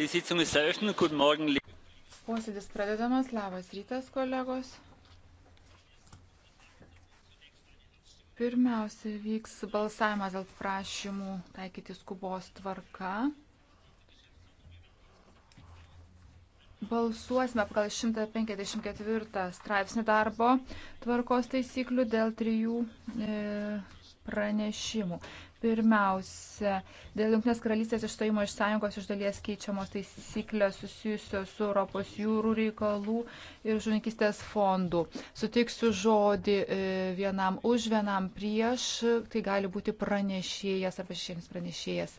Posėdis pradedamas. Labas rytas, kolegos. Pirmiausia, vyks balsavimas dėl prašymų taikyti skubos tvarka. Balsuosime pagal 154 straipsnį darbo tvarkos taisyklių dėl trijų e, pranešimų. Pirmiausia, dėl Junktinės karalystės išstojimo iš sąjungos iš dalies keičiamos taisyklės susijusios su Europos jūrų reikalų ir žuvininkistės fondų. Sutiksiu žodį e, vienam už, vienam prieš, tai gali būti pranešėjas arba šešiems pranešėjas.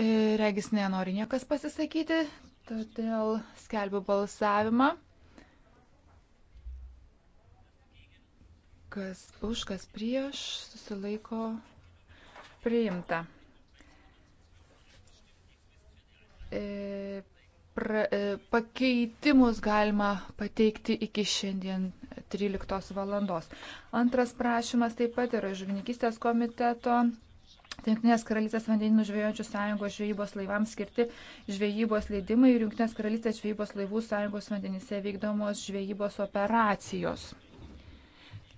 E, regis nenori niekas pasisakyti, todėl skelbiu balsavimą. kas už, kas prieš, susilaiko priimta. E, pra, e, pakeitimus galima pateikti iki šiandien 13 valandos. Antras prašymas taip pat yra žuvininkystės komiteto. Junktinės karalystės vandeninų žvejojančių sąjungos žvejybos laivams skirti žvejybos leidimai ir Junktinės karalystės žvejybos laivų sąjungos vandenyse vykdomos žvejybos operacijos.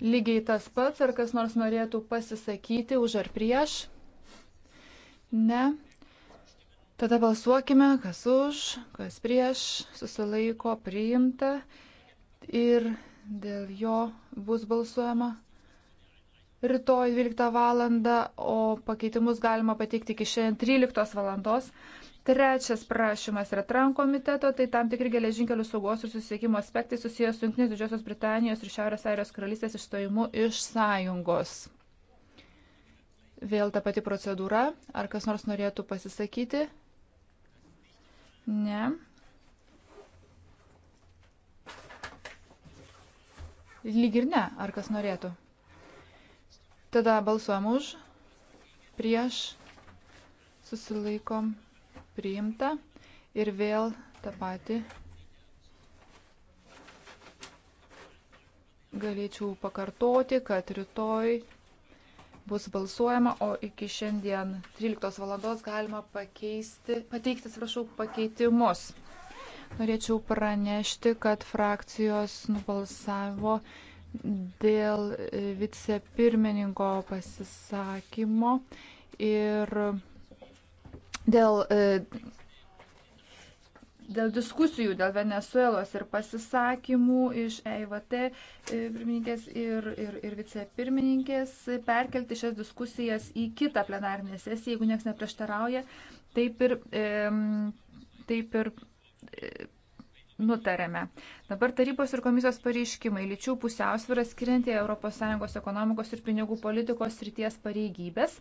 Lygiai tas pats, ar kas nors norėtų pasisakyti už ar prieš? Ne. Tada balsuokime, kas už, kas prieš, susilaiko priimta ir dėl jo bus balsuojama rytoj 12 val. o pakeitimus galima pateikti iki šiandien 13 val. Trečias prašymas yra TRAN komiteto, tai tam tikri geležinkelių saugos ir susisiekimo aspektai susijęs su Junktinės Didžiosios Britanijos ir Šiaurės Airijos karalystės išstojimu iš sąjungos. Vėl ta pati procedūra. Ar kas nors norėtų pasisakyti? Ne. Lyg ir ne. Ar kas norėtų? Tada balsuojam už, prieš, susilaikom, priimta ir vėl tą patį galėčiau pakartoti, kad rytoj bus balsuojama, o iki šiandien 13 valandos galima pakeisti, pateikti, atsiprašau, pakeitimus. Norėčiau pranešti, kad frakcijos nubalsavo dėl vicepirmininko pasisakymo ir dėl, e, dėl diskusijų dėl Venezuelos ir pasisakymų iš EIVT e, pirmininkės ir, ir, ir vicepirmininkės perkelti šias diskusijas į kitą plenarinę sesiją, jeigu niekas neprieštarauja, taip ir, taip ir e, nutarėme. Dabar tarybos ir komisijos pareiškimai lyčių pusiausvyrą skirianti ES ekonomikos ir pinigų politikos ryties pareigybės.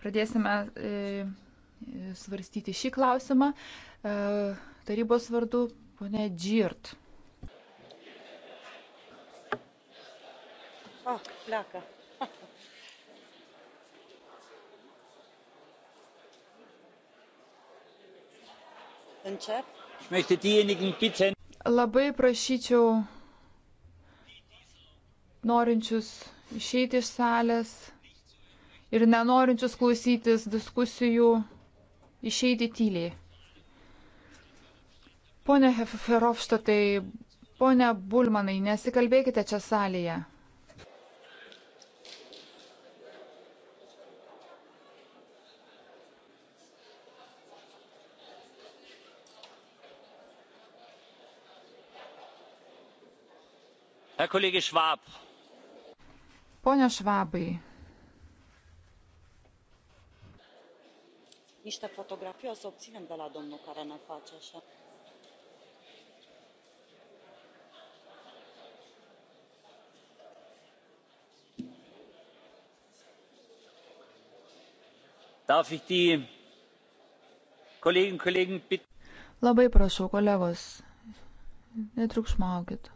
Pradėsime e, svarstyti šį klausimą. E, tarybos vardu ponė Džirt. Oh, plaka. Încep. Labai prašyčiau norinčius išeiti iš salės ir nenorinčius klausytis diskusijų išeiti tyliai. Pone Heferovštatai, pone Bulmanai, nesikalbėkite čia salėje. kollege Schwab. Pone Švabai. Niște fotografii o să obținem de la domnul care ne face așa. Darf ich die Kollegen, Kollegen bitten? Labai prašau, kolegos, netriukšmaukit.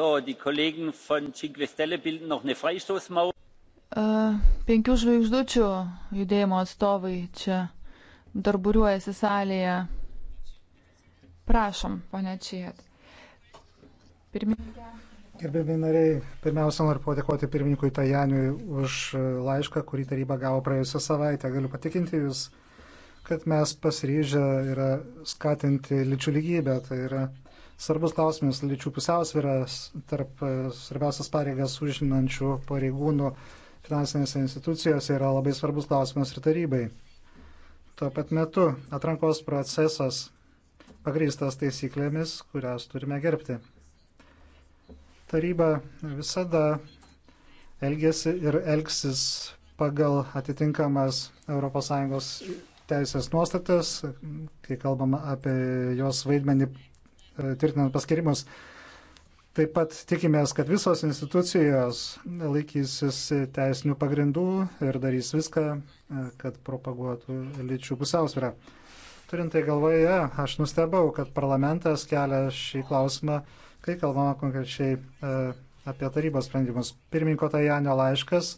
So, die Kollegen von Cinque Stelle bilden noch eine Freistoßmauer. Uh, penkių žvaigždučių judėjimo atstovai čia darburiuojasi salėje. Prašom, ponia Čijat. Pirmininkė. Gerbėmi nariai, pirmiausia, noriu padėkoti pirmininkui Tajaniui už laišką, kurį taryba gavo praėjusią savaitę. Galiu patikinti Jūs, kad mes pasiryžę yra skatinti lyčių lygybę. Tai yra svarbus klausimas lyčių pusiausvėras tarp e, svarbiausias pareigas užimančių pareigūnų finansinėse institucijose yra labai svarbus klausimas ir tarybai. Tuo pat metu atrankos procesas pagrįstas taisyklėmis, kurias turime gerbti. Taryba visada elgėsi ir elgsis pagal atitinkamas ES teisės nuostatas, kai kalbama apie jos vaidmenį E, tvirtinant paskirimus. Taip pat tikimės, kad visos institucijos laikysis teisinių pagrindų ir darys viską, e, kad propaguotų lyčių pusiausvyrą. Turint tai galvoje, aš nustebau, kad parlamentas kelia šį klausimą, kai kalbama konkrečiai e, apie tarybos sprendimus. Pirminko Tajanio laiškas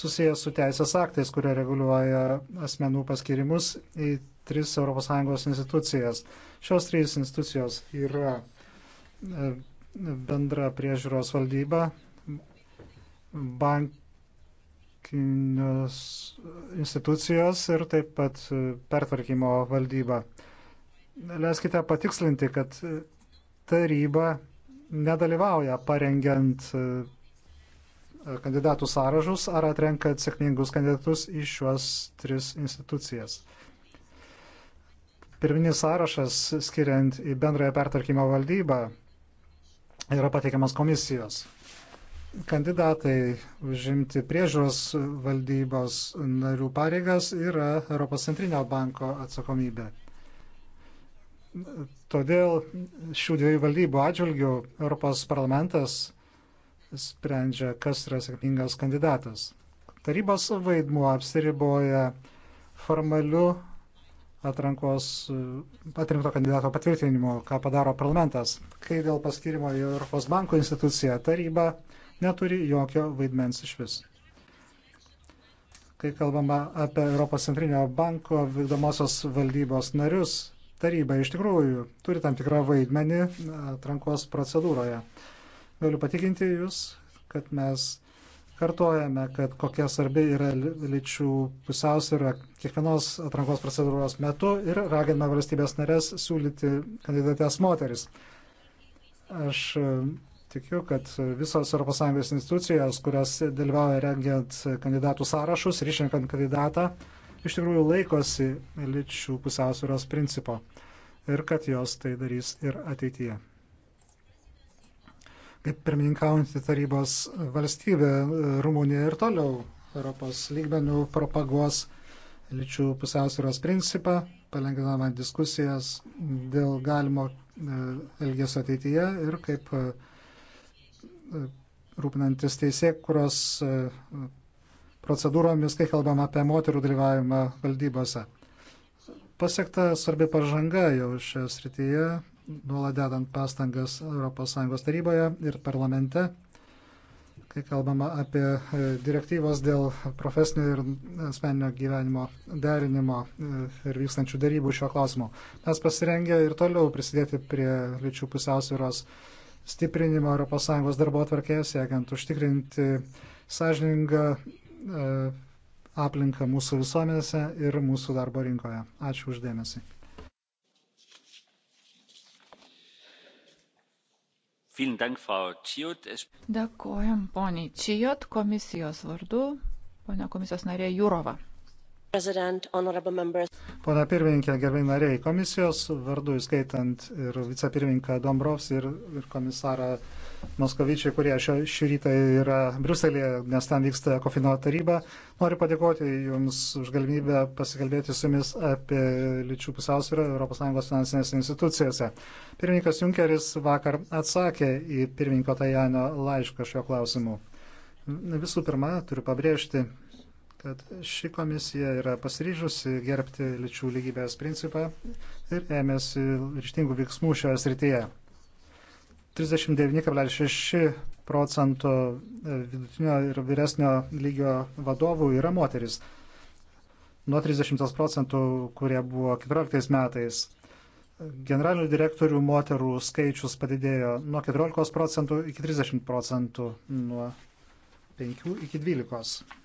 susijęs su teisės aktais, kurie reguliuoja asmenų paskirimus į tris ES institucijas. Šios trys institucijos yra e, bendra priežiūros valdyba, bankinės institucijos ir taip pat e, pertvarkymo valdyba. Leiskite patikslinti, kad taryba nedalyvauja parengiant e, kandidatų sąrašus ar atrenkant sėkmingus kandidatus į šiuos tris institucijas. Pirminis sąrašas, skiriant į bendrąją pertvarkymo valdybą, yra pateikiamas komisijos. Kandidatai užimti priežiūros valdybos narių pareigas yra Europos centrinio banko atsakomybė. Todėl šių dviejų valdybų atžvilgių Europos parlamentas sprendžia, kas yra sėkmingas kandidatas. Tarybos vaidmuo apsiriboja formaliu atrankos e, atrinkto kandidato patvirtinimo, ką padaro parlamentas. Kai dėl paskirimo į Europos banko instituciją taryba neturi jokio vaidmens iš vis. Kai kalbama apie Europos centrinio banko vykdomosios valdybos narius, taryba iš tikrųjų turi tam tikrą vaidmenį atrankos procedūroje. Galiu patikinti Jūs, kad mes Kartuojame, kad kokia svarbi yra lyčių pusiausvyrą kiekvienos atrankos procedūros metu ir raginame valstybės narės siūlyti kandidatės moteris. Aš e, tikiu, kad visos ES institucijos, kurios dalyvauja rengiant kandidatų sąrašus ir išrenkant kandidatą, iš tikrųjų laikosi lyčių pusiausvėros principo ir kad jos tai darys ir ateityje kaip pirmininkaujantį tarybos valstybę e, Rumunija ir toliau Europos lygmenių propaguos lyčių pusiausvėros principą, palengvinama diskusijas dėl galimo e, elgesio ateityje ir kaip e, rūpinantis teisė, kurios procedūromis, kai kalbam apie moterų dalyvavimą valdybose. Pasiekta svarbi pažanga jau šioje srityje, nuoladedant pastangas ES taryboje ir parlamente, kai kalbama apie e, direktyvos dėl profesinio ir asmeninio gyvenimo derinimo e, ir vykstančių darybų šiuo klausimu. Mes pasirengę ir toliau prisidėti prie lyčių pusiausvyros stiprinimo ES darbo atvarkėje, siekiant užtikrinti sąžiningą e, aplinką mūsų visuomenėse ir mūsų darbo rinkoje. Ačiū uždėmesi. Dėkojam poniai Čijot komisijos vardu, ponia komisijos narė Jūrova. Pone pirmininkė, gerbiai nariai, komisijos vardu, įskaitant ir vicepirmininką Dombrovs ir, ir komisarą Moskovičiai, kurie šio, šį rytą yra Bruselėje, nes ten vyksta Kofino taryba, noriu padėkoti Jums už galimybę pasikalbėti su Jumis apie lyčių pusiausvyrą ES finansinėse institucijose. Pirmininkas Junkeris vakar atsakė į pirmininko Tajanio laišką šio klausimu. Visų pirma, turiu pabrėžti, kad ši komisija yra pasiryžusi gerbti lyčių lygybės principą ir ėmėsi ryštingų veiksmų šioje srityje. 39,6 procento vidutinio ir vyresnio lygio vadovų yra moteris. Nuo 30 procentų, kurie buvo 14 metais. Generalinių direktorių moterų skaičius padidėjo nuo 14 procentų iki 30 procentų, nuo 5 iki 12.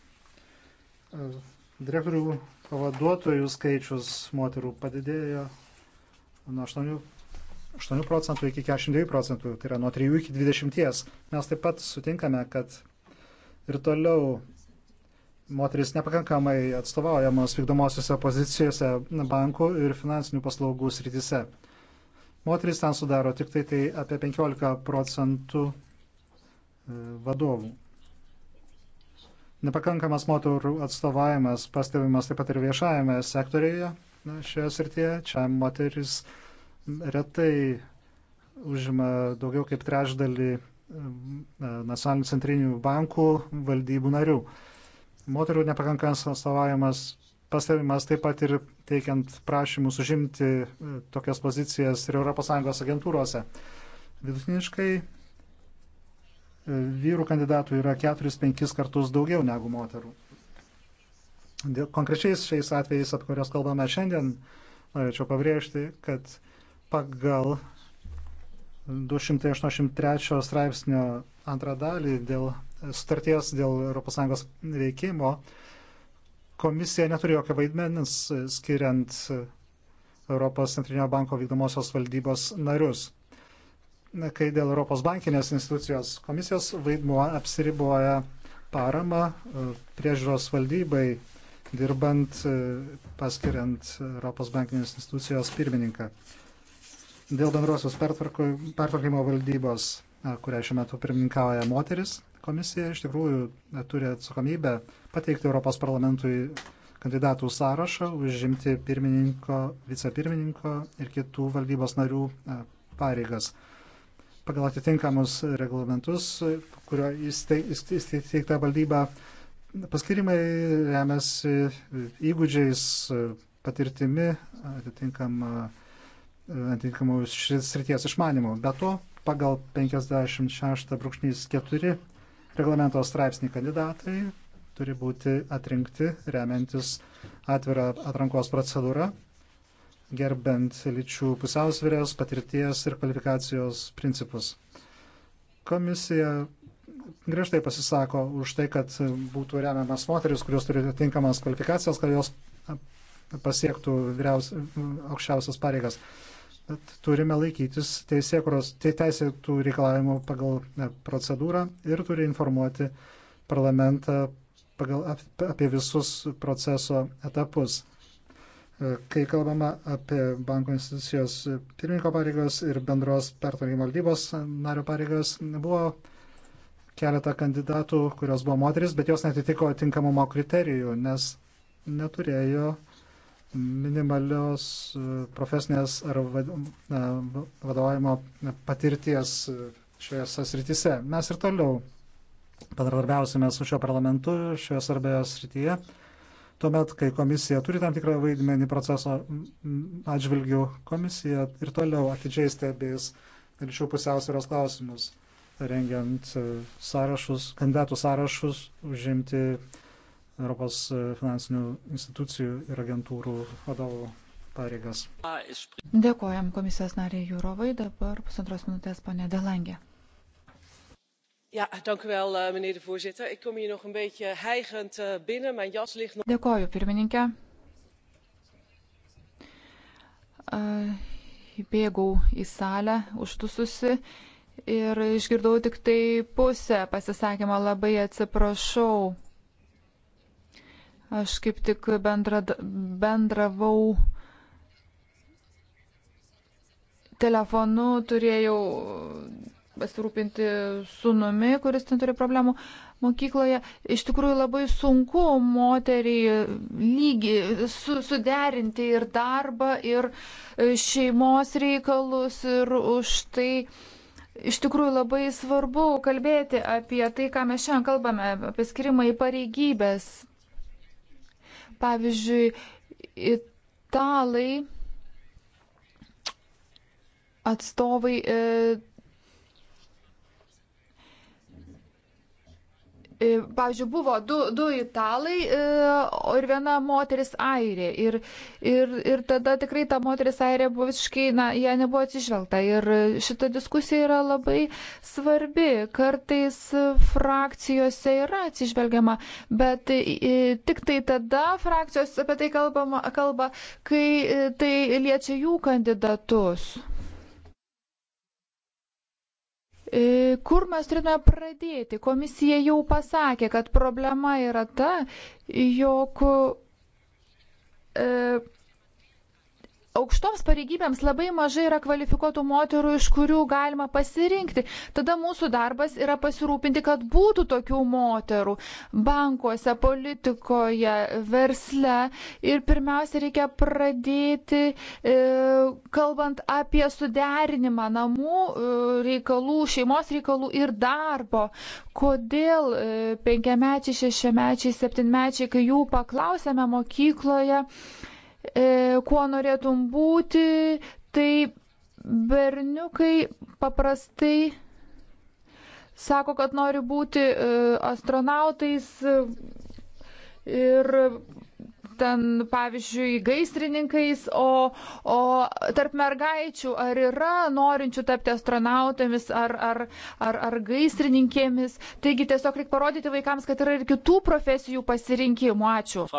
Direktorių pavaduotojų skaičius moterų padidėjo nuo 8, 8 procentų iki 42 procentų, tai yra nuo 3 iki 20. Mes taip pat sutinkame, kad ir toliau moteris nepakankamai atstovaujamos vykdomosiuose pozicijose bankų ir finansinių paslaugų srityse. Moteris ten sudaro tik tai, tai apie 15 procentų e, vadovų. Nepakankamas moterų atstovavimas pastebimas taip pat ir viešajame sektorijoje na, šioje srityje. Čia moteris retai užima daugiau kaip trečdalį nacionalinių centrinių bankų valdybų narių. Moterų nepakankamas atstovavimas pastebimas taip pat ir teikiant prašymus užimti e, tokias pozicijas ir ES agentūrose. Vidutiniškai vyrų kandidatų yra 4-5 kartus daugiau negu moterų. Dėl konkrečiais šiais atvejais, apie kurias kalbame šiandien, norėčiau pabrėžti, kad pagal 283 straipsnio antrą dalį dėl sutarties dėl ES veikimo komisija neturi jokio vaidmenis skiriant Europos centrinio banko vykdomosios valdybos narius kai dėl Europos bankinės institucijos komisijos vaidmuo apsiriboja parama e, priežiūros valdybai, dirbant, e, paskiriant Europos bankinės institucijos pirmininką. Dėl bendrosios pertvarkymo valdybos, e, kurią šiuo metu pirmininkauja moteris, komisija iš tikrųjų turi atsakomybę pateikti Europos parlamentui kandidatų sąrašą, užimti pirmininko, vicepirmininko ir kitų valdybos narių pareigas pagal atitinkamus reglamentus, kurio įsteigta valdyba paskirimai remiasi įgūdžiais, patirtimi, atitinkamą atitinkamų srities išmanimų. Be to, pagal 56.4 reglamento straipsnį kandidatai turi būti atrinkti remiantis atvirą atrankos procedūrą, gerbent lyčių pusiausvėrės, patirties ir kvalifikacijos principus. Komisija griežtai pasisako už tai, kad būtų remiamas moteris, kurios turi tinkamas kvalifikacijas, kad jos pasiektų vyriaus, aukščiausias pareigas. Bet turime laikytis teisėkuros, tai teisėtų reikalavimų pagal e, procedūrą ir turi informuoti parlamentą pagal, apie visus proceso etapus. E, kai kalbame apie banko institucijos pirmininko pareigos ir bendros pertvarkymo valdybos nario pareigos, buvo keletą kandidatų, kurios buvo moteris, bet jos netitiko tinkamumo kriterijų, nes neturėjo minimalios e, profesinės ar e, vadovavimo patirties šioje srityse. Mes ir toliau bendradarbiausime su šio parlamentu šioje svarbioje srityje. Tuomet, kai komisija turi tam tikrą vaidmenį proceso atžvilgių, komisija ir toliau atidžiai stebės lyčių pusiausvėros klausimus, rengiant e, sąrašus, kandidatų sąrašus užimti Europos finansinių institucijų ir agentūrų vadovų pareigas. Dėkojam komisijos nariai Jūrovai, dabar pusantros minutės ponė Delangė. Eh, voorzitter ik kom hier nog een beetje hijgend eh, binnen mijn jas ligt nog. dėkoju pirmininke eh, įbėgau į salę uždususi ir išgirdau tik tai pusę pasisakymo labai atsiprašau aš kaip tik bendra, bendravau telefonu turėjau pasirūpinti sunumi, kuris ten turi problemų mokykloje. Iš tikrųjų labai sunku moteriai lygi su, suderinti ir darbą, ir e, šeimos reikalus, ir už tai. Iš tikrųjų labai svarbu kalbėti apie tai, ką mes šiandien kalbame, apie skirimą į pareigybės. Pavyzdžiui, italai atstovai e, E, pavyzdžiui, buvo du, du italai e, ir viena moteris airė. Ir, ir, ir tada tikrai ta moteris airė buvo visiškai, na, jie nebuvo atsižvelgta. Ir šita diskusija yra labai svarbi. Kartais frakcijose yra atsižvelgiama, bet e, tik tai tada frakcijos apie tai kalbama, kalba, kai tai liečia jų kandidatus. E, kur mes turime pradėti? Komisija jau pasakė, kad problema yra ta, jog e, aukštoms pareigybėms labai mažai yra kvalifikuotų moterų, iš kurių galima pasirinkti. Tada mūsų darbas yra pasirūpinti, kad būtų tokių moterų bankuose, politikoje, versle. Ir pirmiausia, reikia pradėti, e, kalbant apie suderinimą namų e, reikalų, šeimos reikalų ir darbo. Kodėl e, penkiamečiai, šešiamečiai, septynmečiai, kai jų paklausėme mokykloje, E, kuo norėtum būti, tai berniukai paprastai sako, kad nori būti e, astronautais e, ir ten, pavyzdžiui, gaisrininkais, o, o tarp mergaičių ar yra norinčių tapti astronautėmis ar, ar, ar, ar gaisrininkėmis. Taigi tiesiog reikia parodyti vaikams, kad yra ir kitų profesijų pasirinkimų. Ačiū.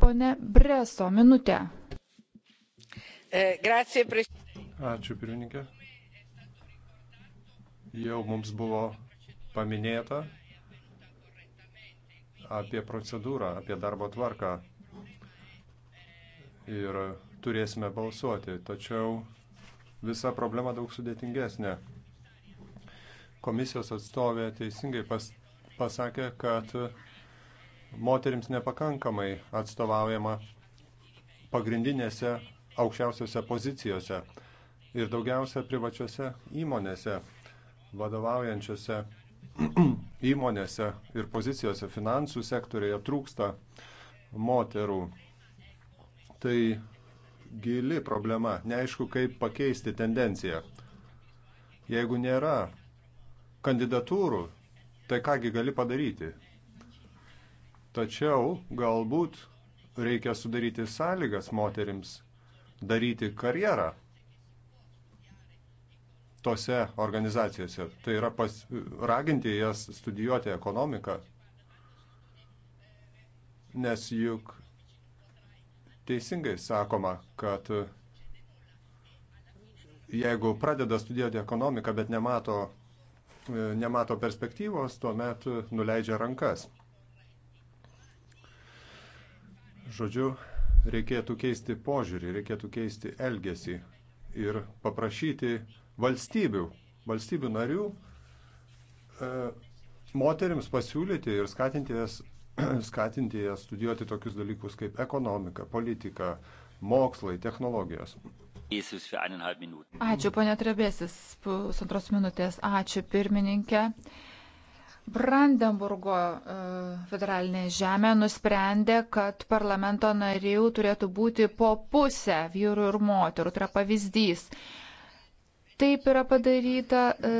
Pone Breso, minutę. E, Ačiū, pirmininkė. Jau mums buvo paminėta apie procedūrą, apie darbo tvarką. Ir turėsime balsuoti. Tačiau visa problema daug sudėtingesnė. Komisijos atstovė teisingai pas, pasakė, kad moterims nepakankamai atstovaujama pagrindinėse aukščiausiose pozicijose ir daugiausia privačiose įmonėse, vadovaujančiose įmonėse ir pozicijose finansų sektorėje trūksta moterų. Tai gili problema, neaišku, kaip pakeisti tendenciją. Jeigu nėra kandidatūrų, tai kągi gali padaryti? Tačiau galbūt reikia sudaryti sąlygas moterims daryti karjerą tose organizacijose. Tai yra pas, raginti jas studijuoti ekonomiką, nes juk teisingai sakoma, kad jeigu pradeda studijuoti ekonomiką, bet nemato, nemato perspektyvos, tuomet nuleidžia rankas. Žodžiu, reikėtų keisti požiūrį, reikėtų keisti elgesį ir paprašyti valstybių, valstybių narių e, moteriams pasiūlyti ir skatinti jas, skatinti jas studijuoti tokius dalykus kaip ekonomika, politika, mokslai, technologijos. Ačiū, ponia Trebėsis, pusantros minutės. Ačiū, pirmininkė. Brandenburgo e, federalinė žemė nusprendė, kad parlamento narių turėtų būti po pusę vyrų ir moterų. Tai yra pavyzdys. Taip yra padaryta e,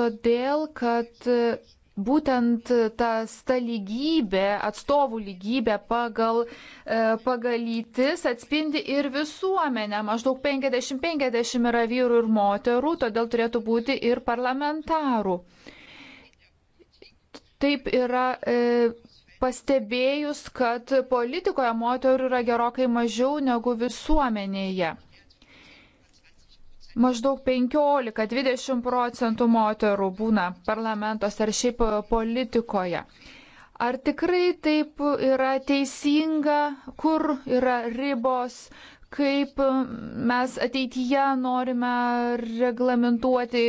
todėl, kad e, būtent ta stalygybė, atstovų lygybė pagal, pagal lytis atspindi ir visuomenę. Maždaug 50-50 yra vyrų ir moterų, todėl turėtų būti ir parlamentarų. Taip yra e, pastebėjus, kad politikoje moterų yra gerokai mažiau negu visuomenėje. Maždaug 15-20 procentų moterų būna parlamentos ar šiaip politikoje. Ar tikrai taip yra teisinga, kur yra ribos, kaip mes ateityje norime reglamentuoti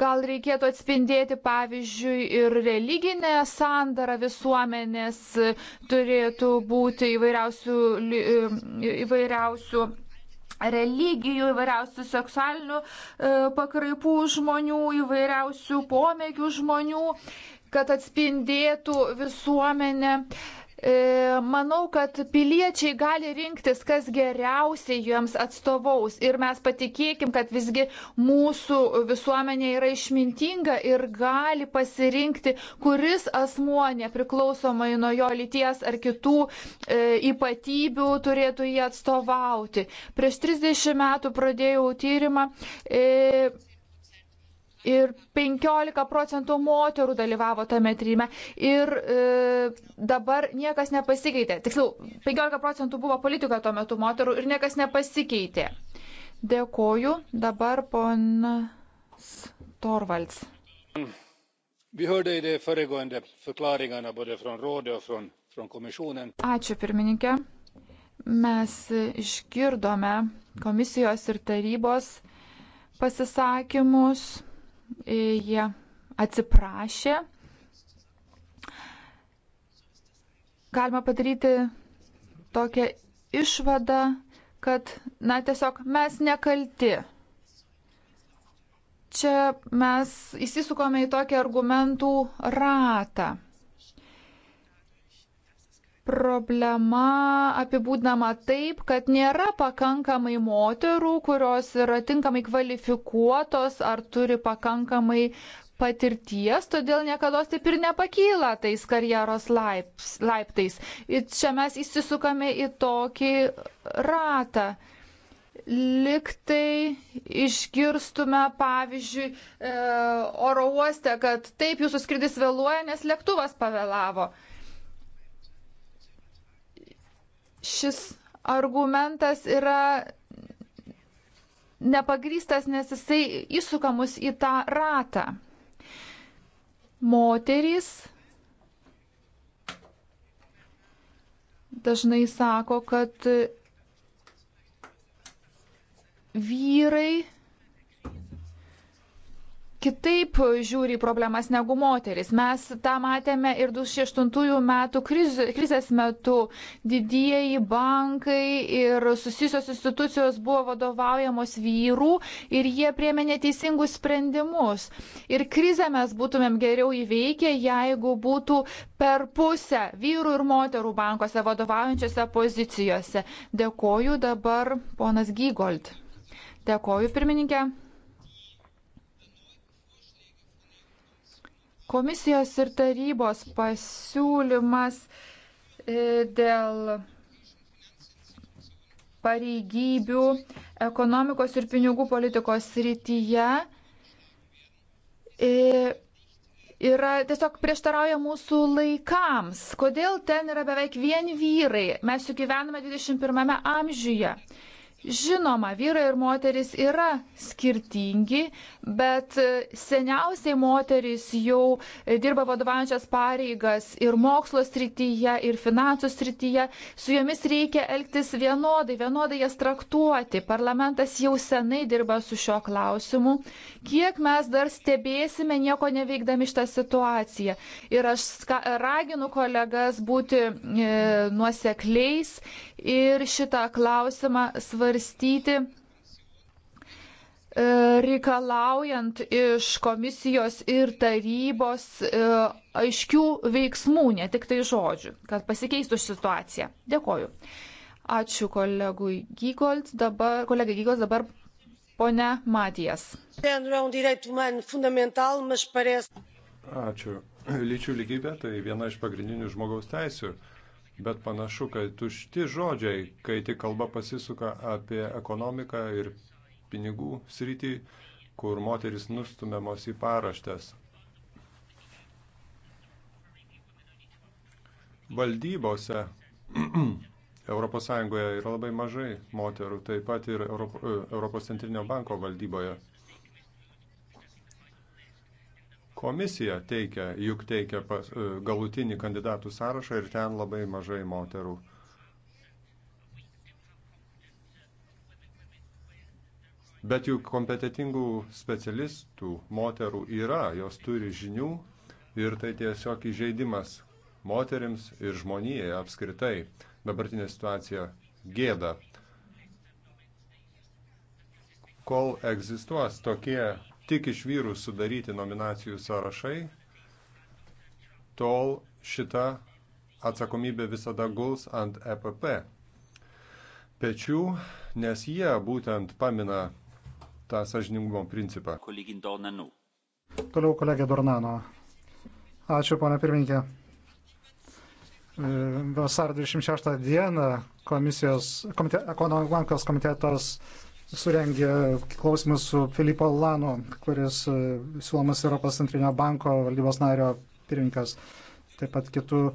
Gal reikėtų atspindėti, pavyzdžiui, ir religinę sandarą visuomenės, e, turėtų būti įvairiausių, e, įvairiausių religijų, įvairiausių seksualinių e, pakraipų žmonių, įvairiausių pomėgių žmonių, kad atspindėtų visuomenę. Uh, E, manau, kad piliečiai gali rinktis, kas geriausiai jiems atstovaus. Ir mes patikėkim, kad visgi mūsų visuomenė yra išmintinga ir gali pasirinkti, kuris asmuo, nepriklausomai nuo jo lyties ar kitų e, ypatybių, turėtų jį atstovauti. Prieš 30 metų pradėjau tyrimą. E, ir 15 procentų moterų dalyvavo tame tyrime. Ir e, dabar niekas nepasikeitė. Tiksliau, 15 procentų buvo politika tuo metu moterų ir niekas nepasikeitė. Dėkoju. Dabar ponas Torvalds. Ačiū pirmininkė. Mes išgirdome komisijos ir tarybos pasisakymus E, jie atsiprašė. Galima padaryti tokią išvadą, kad, na, tiesiog mes nekalti čia mes įsisukome į tokį argumentų ratą problema apibūdama taip, kad nėra pakankamai moterų, kurios yra tinkamai kvalifikuotos ar turi pakankamai patirties, todėl niekada taip ir nepakyla tais karjeros laips, laiptais. Ir čia mes įsisukame į tokį ratą. Liktai išgirstume, pavyzdžiui, e, oro uoste, kad taip jūsų skridis vėluoja, nes lėktuvas pavėlavo. E, šis argumentas yra nepagrystas, nes jisai įsuka mus į tą ratą. Moterys dažnai sako, kad vyrai kitaip žiūri problemas negu moteris. Mes tą matėme ir 2008 metų kriz, krizės metu. Didieji bankai ir susijusios institucijos buvo vadovaujamos vyrų ir jie priemė neteisingus sprendimus. Ir krizę mes būtumėm geriau įveikę, jeigu būtų per pusę vyrų ir moterų bankose vadovaujančiose pozicijose. Dėkoju dabar ponas Gygold. Dėkoju pirmininkė. Komisijos ir tarybos pasiūlymas e, dėl pareigybių ekonomikos ir pinigų politikos srityje e, yra tiesiog prieštarauja mūsų laikams. Kodėl ten yra beveik vien vyrai? Mes juk gyvename 21 amžiuje. Žinoma, vyrai ir moteris yra skirtingi, bet seniausiai moteris jau dirba vadovaujančias pareigas ir mokslo srityje, ir finansų srityje. Su jomis reikia elgtis vienodai, vienodai jas traktuoti. Parlamentas jau senai dirba su šio klausimu. Kiek mes dar stebėsime nieko neveikdami šitą situaciją. Ir aš raginu kolegas būti e, nuosekliais ir šitą klausimą svarstyti e, reikalaujant iš komisijos ir tarybos e, aiškių veiksmų, ne tik tai žodžių, kad pasikeistų situacija. Dėkoju. Ačiū kolegui Gygold, dabar, kolegai Gygold, dabar ponia Matijas. Ačiū. Lyčių lygybė tai viena iš pagrindinių žmogaus teisių bet panašu, kad tušti žodžiai, kai tik kalba pasisuka apie ekonomiką ir pinigų sritį, kur moteris nustumiamos į paraštės. Valdybose ES yra labai mažai moterų, taip pat ir Europos Centrinio banko valdyboje. komisija teikia, juk teikia pas, e, galutinį kandidatų sąrašą ir ten labai mažai moterų. Bet juk kompetitingų specialistų moterų yra, jos turi žinių ir tai tiesiog įžeidimas moterims ir žmonijai apskritai. Dabartinė situacija gėda. Kol egzistuos tokie tik iš vyrų sudaryti nominacijų sąrašai, tol šita atsakomybė visada guls ant EPP pečių, nes jie būtent pamina tą sažiningumo principą. Toliau kolegė Dornano. Ačiū, ponia pirmininkė. E, Vasar 26 dieną komisijos, komite, ekonomikos komitetas surengė klausimus su Filipo Lano, kuris e, siūlomas Europos centrinio banko valdybos nario pirmininkas, taip pat kitų e,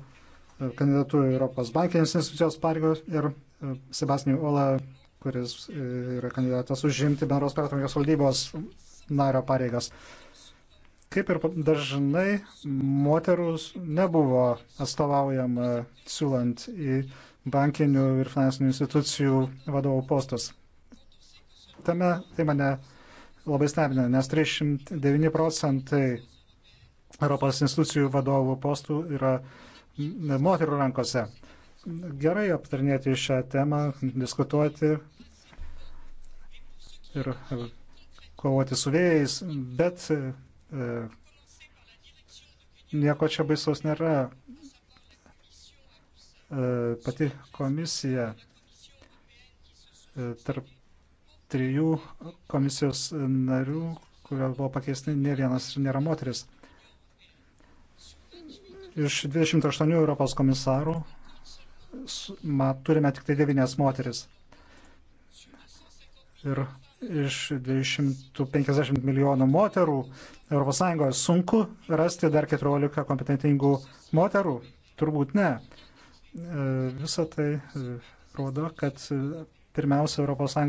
kandidatų Europos bankinės institucijos pareigos ir e, Sebastijų Ola, kuris yra kandidatas užimti bendros pertvarkos valdybos nario pareigas. Kaip ir dažnai moterus nebuvo atstovaujama siūlant į bankinių ir finansinių institucijų vadovų postus tame tai mane labai stebina, nes 39 procentai Europos institucijų vadovų postų yra moterų rankose. Gerai aptarnėti šią temą, diskutuoti ir e, kovoti su vėjais, bet e, nieko čia baisaus nėra. E, pati komisija e, tarp trijų komisijos narių, kurio buvo pakeisti, ne vienas ir nėra moteris. Iš 28 Europos komisarų mat, turime tik tai 9 moteris. Ir iš 250 milijonų moterų ES sunku rasti dar 14 kompetentingų moterų. Turbūt ne. E, Visą tai e, rodo, kad pirmiausia,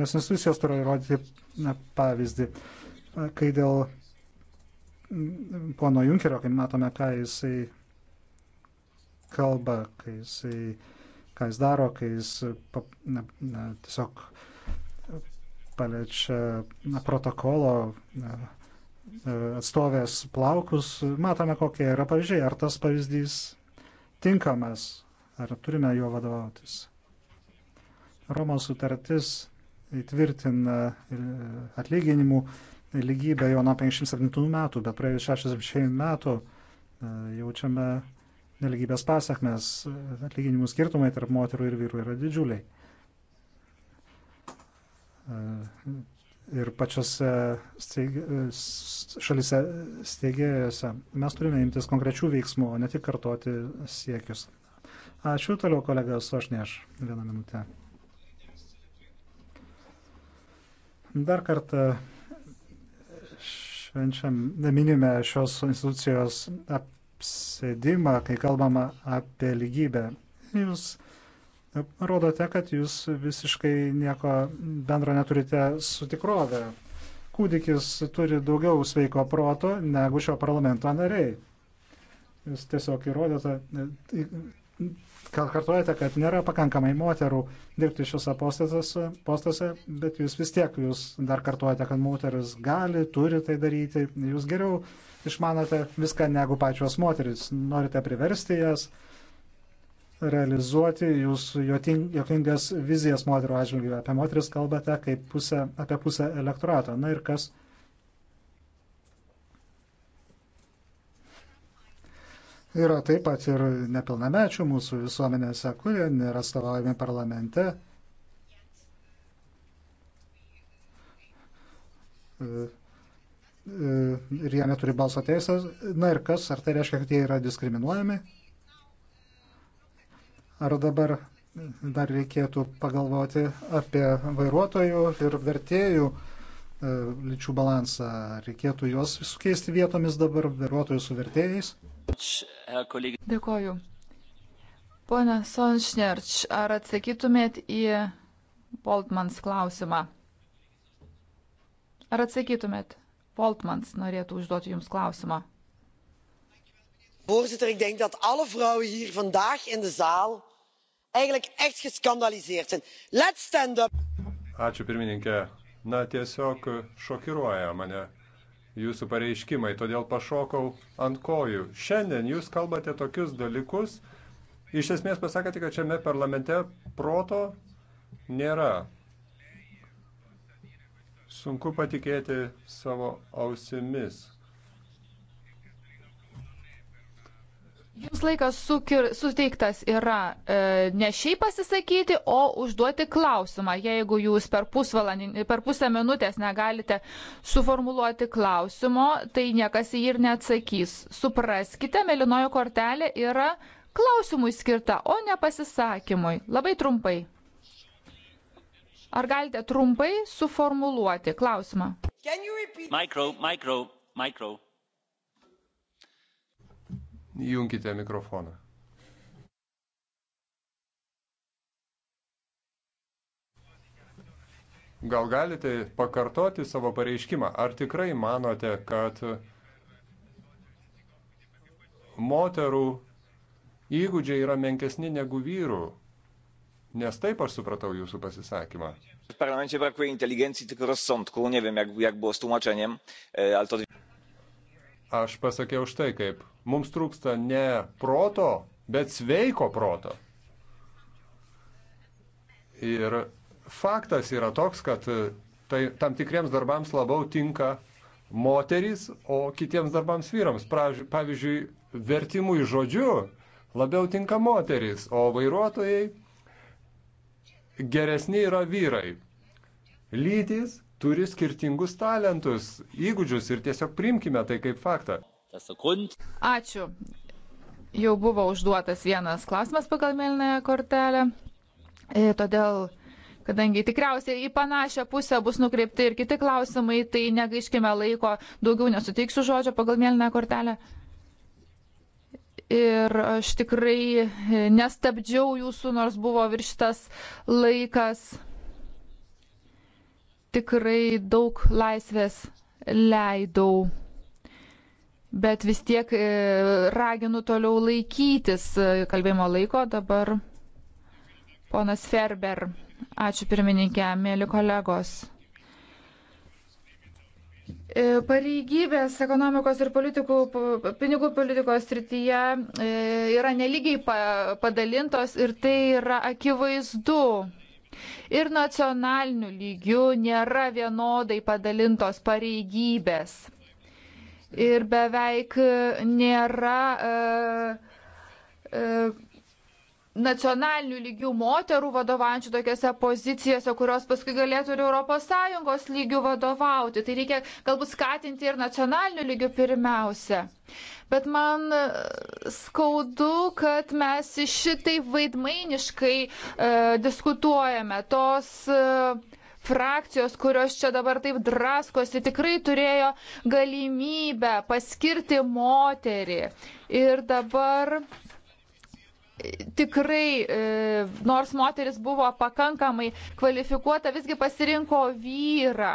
ES institucijos turi įrodyti pavyzdį, kai dėl pono Junkerio, kai matome, ką jisai kalba, kai jisai, ką jis daro, kai jis pa, na, na, tiesiog paliečia na, protokolo na, atstovės plaukus, matome, kokie yra pavyzdžiai, ar tas pavyzdys tinkamas, ar turime juo vadovautis. Romos sutartis įtvirtina atlyginimų lygybę jau nuo 57 metų, bet praėjus 66 metų e, jaučiame nelygybės pasiekmes. Atlyginimų skirtumai tarp moterų ir vyrų yra didžiuliai. E, ir pačiose steig... E, šalise steigėjose mes turime imtis konkrečių veiksmų, o ne tik kartoti siekius. Ačiū toliau kolegas Ošnieš. Vieną minutę. Dar kartą švenčiam, minime šios institucijos apsėdimą, kai kalbama apie lygybę. Jūs rodote, kad jūs visiškai nieko bendro neturite su tikrove. Kūdikis turi daugiau sveiko proto negu šio parlamento nariai. Jūs tiesiog įrodėte, kartuojate, kad nėra pakankamai moterų dirbti šiuose postuose, postuose, bet jūs vis tiek jūs dar kartuojate, kad moteris gali, turi tai daryti, jūs geriau išmanote viską negu pačios moteris, norite priversti jas realizuoti jūsų jokingas vizijas moterų atžvilgių. Apie moteris kalbate kaip pusę, apie pusę elektorato. Na ir kas? Yra taip pat ir nepilnamečių mūsų visuomenėse, kurie nėra stovaujami parlamente. Ir jie neturi balso teisės. Na ir kas, ar tai reiškia, kad jie yra diskriminuojami? Ar dabar dar reikėtų pagalvoti apie vairuotojų ir vertėjų e, lyčių balansą. Reikėtų juos sukeisti vietomis dabar, vairuotojų su vertėjais. Dėkoju. Pone Sonšnerč, ar atsakytumėt į Voltmans klausimą? Ar atsakytumėt? Voltmans norėtų užduoti Jums klausimą. Voorzitter, ik denk dat alle vrouwen hier vandaag in de zaal eigenlijk echt geskandaliseerd zijn. Let's stand up. Ačiū pirmininkė. Na tiesiog šokiruoja mane jūsų pareiškimai, todėl pašokau ant kojų. Šiandien jūs kalbate tokius dalykus, iš esmės pasakėte, kad šiame parlamente proto nėra. Sunku patikėti savo ausimis. Jums laikas sukir, suteiktas yra e, ne šiaip pasisakyti, o užduoti klausimą. Jeigu jūs per, per pusę minutės negalite suformuluoti klausimo, tai niekas jį ir neatsakys. Supraskite, melinojo kortelė yra klausimui skirta, o ne pasisakymui. Labai trumpai. Ar galite trumpai suformuluoti klausimą? Micro, micro, micro. Įjungite mikrofoną. Gal galite pakartoti savo pareiškimą? Ar tikrai manote, kad moterų įgūdžiai yra menkesni negu vyrų? Nes taip aš supratau jūsų pasisakymą. W parlamencie brakuje inteligencji, tylko rozsądku. Nie wiem, jak, jak było z tłumaczeniem, e, ale to aš pasakiau štai kaip. Mums trūksta ne proto, bet sveiko proto. Ir faktas yra toks, kad tai, tam tikriems darbams labiau tinka moterys, o kitiems darbams vyrams. Pavyzdžiui, vertimui žodžiu labiau tinka moterys, o vairuotojai geresni yra vyrai. Lytis turi skirtingus talentus, įgūdžius ir tiesiog primkime tai kaip faktą. Ačiū. Jau buvo užduotas vienas klausimas pagal mėlynąją kortelę, e, todėl, kadangi tikriausiai į panašią pusę bus nukreipti ir kiti klausimai, tai negaiškime laiko, daugiau nesuteiksiu žodžio pagal mėlynąją kortelę. Ir aš tikrai e, nestabdžiau jūsų, nors buvo virštas laikas tikrai daug laisvės leidau. Bet vis tiek e, raginu toliau laikytis e, kalbėjimo laiko dabar. Ponas Ferber, ačiū pirmininkė, mėly kolegos. E, pareigybės ekonomikos ir politikų, pinigų politikos srityje yra nelygiai padalintos ir tai yra akivaizdu ir nacionaliniu lygiu nėra vienodai padalintos pareigybės. Ir beveik nėra. Uh, e, uh, e, nacionalinių lygių moterų vadovančių tokiose pozicijose, kurios paskui galėtų ir ES lygių vadovauti. Tai reikia galbūt skatinti ir nacionalinių lygių pirmiausia. Bet man e, skaudu, kad mes šitai vaidmainiškai e, diskutuojame. Tos e, frakcijos, kurios čia dabar taip draskosi, tikrai turėjo galimybę paskirti moterį. Ir dabar tikrai, e, nors moteris buvo pakankamai kvalifikuota, visgi pasirinko vyrą.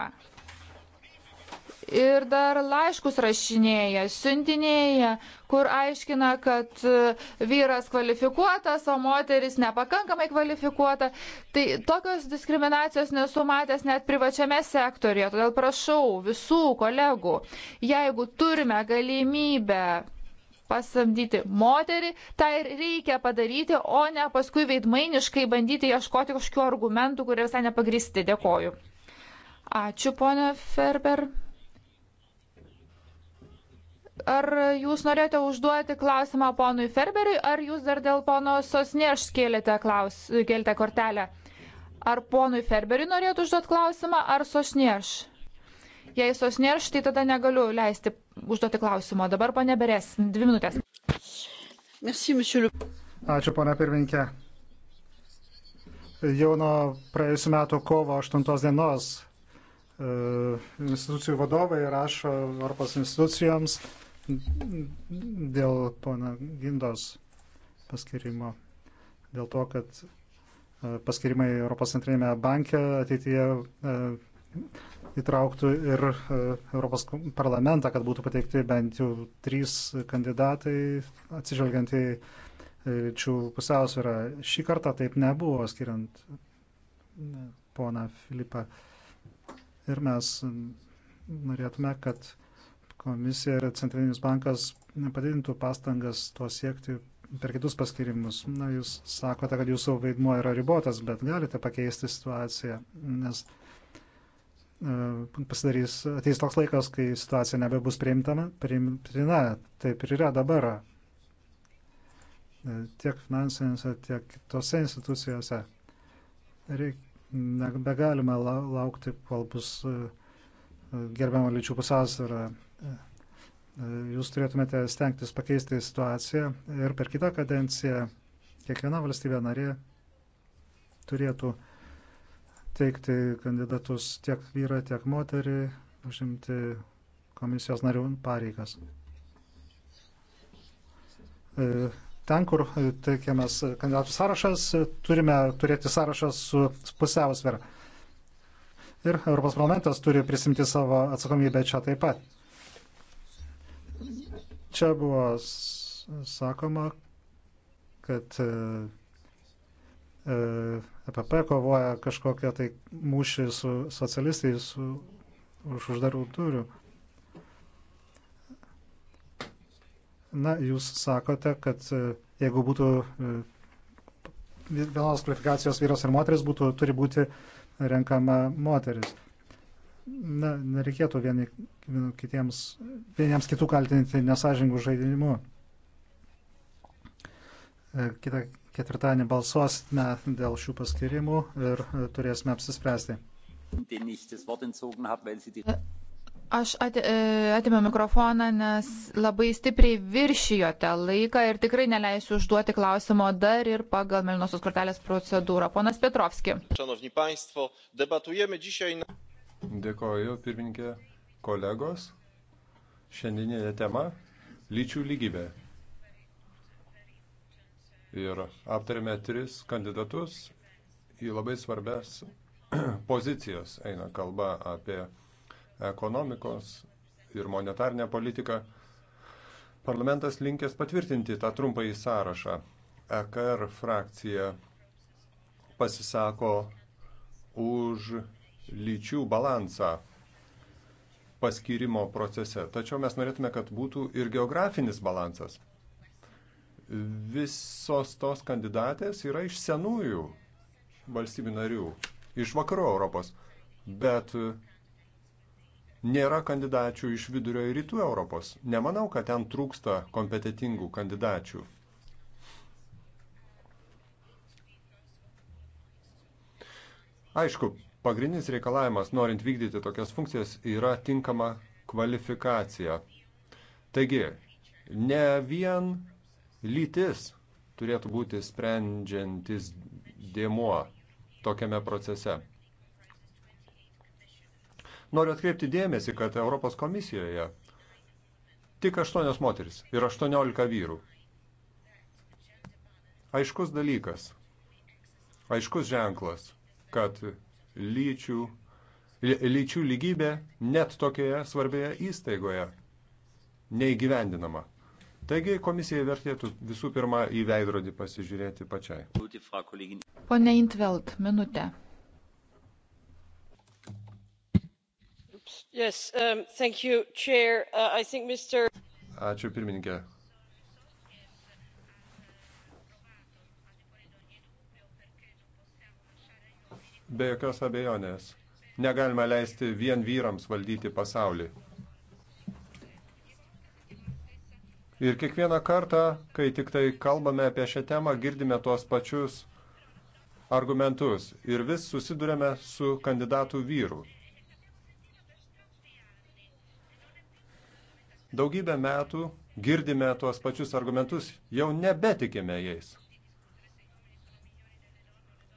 Ir dar laiškus rašinėja, siuntinėja, kur aiškina, kad e, vyras kvalifikuotas, o moteris nepakankamai kvalifikuota. Tai tokios diskriminacijos nesu matęs net privačiame sektorėje. Todėl prašau visų kolegų, jeigu turime galimybę pasamdyti moterį, tą ir reikia padaryti, o ne paskui veidmainiškai bandyti ieškoti kažkokių argumentų, kurie visai nepagristi. Dėkoju. Ačiū, ponia Ferber. Ar jūs norėjote užduoti klausimą ponui Ferberiui, ar jūs dar dėl pono Sosnieš kėlėte, klaus, kėlėte kortelę? Ar ponui Ferberiui norėjote užduoti klausimą, ar Sosnieš? Jei Sosnieš, tai tada negaliu leisti užduoti klausimą. Dabar pane Beres, dvi minutės. Merci, le... Ačiū, pane pirmininkė. Jau nuo praėjusiu metu kovo 8 dienos e, institucijų vadovai rašo Europos institucijoms dėl pana Gindos paskirimo. Dėl to, kad e, paskirimai Europos centrinėme banke ateityje e, įtrauktų ir e, Europos parlamentą, kad būtų pateikti bent jau trys kandidatai atsižvelgiant į e, lyčių pusiausvyrą. Šį kartą taip nebuvo, skiriant poną Filipą. Ir mes norėtume, kad komisija ir Centrinis bankas padidintų pastangas to siekti per kitus paskirimus. Na, jūs sakote, kad jūsų vaidmuo yra ribotas, bet galite pakeisti situaciją, nes E, pasidarys, ateis toks laikas, kai situacija nebebus priimtama, priimtina, taip ir yra dabar e, tiek finansinėse, tiek kitose institucijose. Reik, nebegalime la, laukti, kol bus e, gerbiama lyčių pusiausvyrą. Jūs turėtumėte stengtis pakeisti situaciją ir per kitą kadenciją kiekviena valstybė narė turėtų uh, teikti kandidatus tiek vyrą, tiek moterį, užimti komisijos narių pareigas. E, ten, kur e, teikiamas kandidatų sąrašas, e, turime turėti sąrašą su pusiausvėra. Ir Europos parlamentas turi prisimti savo atsakomybę čia taip pat. Čia buvo sakoma, kad EPP e kovoja kažkokią tai mūšį su socialistais su, už uždarų durų. Na, jūs sakote, kad e, jeigu būtų e, vienos kvalifikacijos vyras ir moteris, būtų, turi būti renkama moteris. Na, nereikėtų vieni, kitiems, vieniems kitų kaltinti nesažingų žaidimu. Kita ketvirtadienį balsuosime dėl šių paskirimų ir e, turėsime apsispręsti. Aš e, atėmiau mikrofoną, nes labai stipriai viršijote laiką ir tikrai neleisiu užduoti klausimo dar ir pagal Melinosios kortelės procedūrą. Ponas Petrovski. Dėkoju, pirmininkė, kolegos. Šiandieninė tema - lyčių lygybė ir aptarėme tris kandidatus į labai svarbes pozicijas. Eina kalba apie ekonomikos ir monetarnę politiką. Parlamentas linkęs patvirtinti tą trumpąjį sąrašą. EKR frakcija pasisako už lyčių balansą paskyrimo procese. Tačiau mes norėtume, kad būtų ir geografinis balansas visos tos kandidatės yra iš senųjų valstybių narių, iš vakarų Europos, bet nėra kandidačių iš vidurio ir rytų Europos. Nemanau, kad ten trūksta kompetitingų kandidačių. Aišku, pagrindinis reikalavimas, norint vykdyti tokias funkcijas, yra tinkama kvalifikacija. Taigi, ne vien lytis turėtų būti sprendžiantis dėmuo tokiame procese. Noriu atkreipti dėmesį, kad Europos komisijoje tik 8 moteris ir 18 vyrų. Aiškus dalykas, aiškus ženklas, kad lyčių, lyčių lygybė net tokioje svarbioje įstaigoje neįgyvendinama. Taigi komisijai vertėtų visų pirma į veidrodį pasižiūrėti pačiai. Pone Intveld, minutę. Yes, um, thank you, Chair. Uh, I think Mr. Ačiū pirmininkė. Be jokios abejonės. Negalima leisti vien vyrams valdyti pasaulį. Ir kiekvieną kartą, kai tik tai kalbame apie šią temą, girdime tuos pačius argumentus ir vis susidurėme su kandidatų vyrų. Daugybę metų girdime tuos pačius argumentus, jau nebetikime jais.